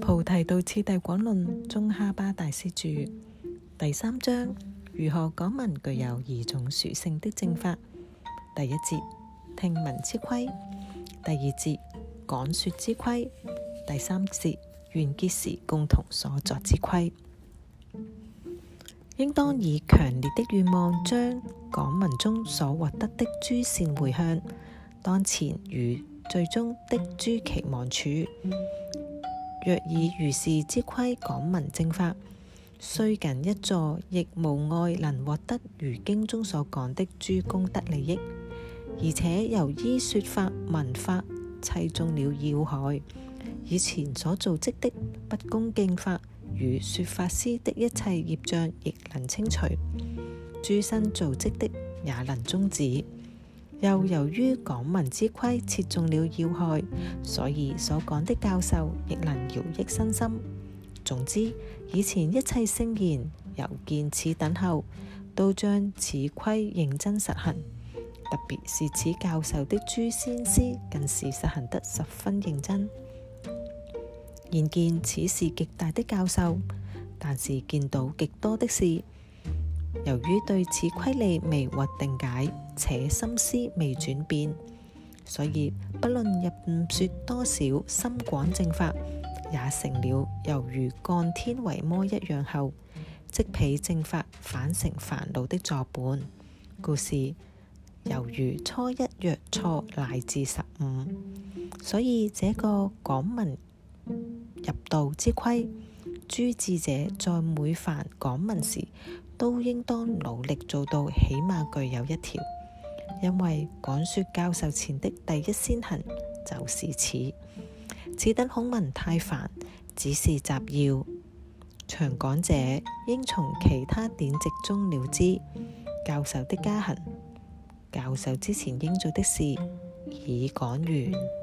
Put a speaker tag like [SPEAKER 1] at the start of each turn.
[SPEAKER 1] 菩提道次第廣論，宗喀巴大師著，第三章如何講聞具有二種屬性的正法，第一節聽聞之規，第二節講說之規，第三節完結時共同所作之規，應當以強烈的願望將講聞中所獲得的諸善回向當前與最終的諸期望處。若以如是之規講文正法，雖僅一座，亦無礙能獲得如經中所講的諸功德利益，而且由依說法文法，砌中了要害，以前所造積的不恭敬法與說法師的一切業障，亦能清除；諸身造積的也能終止。又由於港文之規切中了要害，所以所講的教授亦能饒益身心。總之，以前一切聲言由見此等候，都將此規認真實行。特別是此教授的諸先師，更是實行得十分認真。現見此事極大的教授，但是見到極多的事，由於對此規例未獲定解。且心思未轉變，所以不論入說多少，深廣正法也成了，猶如干天為魔一樣後，即彼正法反成煩惱的助伴故事，猶如初一若錯乃至十五，所以這個講文入道之規，諸智者在每凡講文時，都應當努力做到，起碼具有一條。因為講說教授前的第一先行就是此，此等孔文太繁，只是集要。長講者應從其他典籍中了知教授的家行，教授之前應做的事已講完。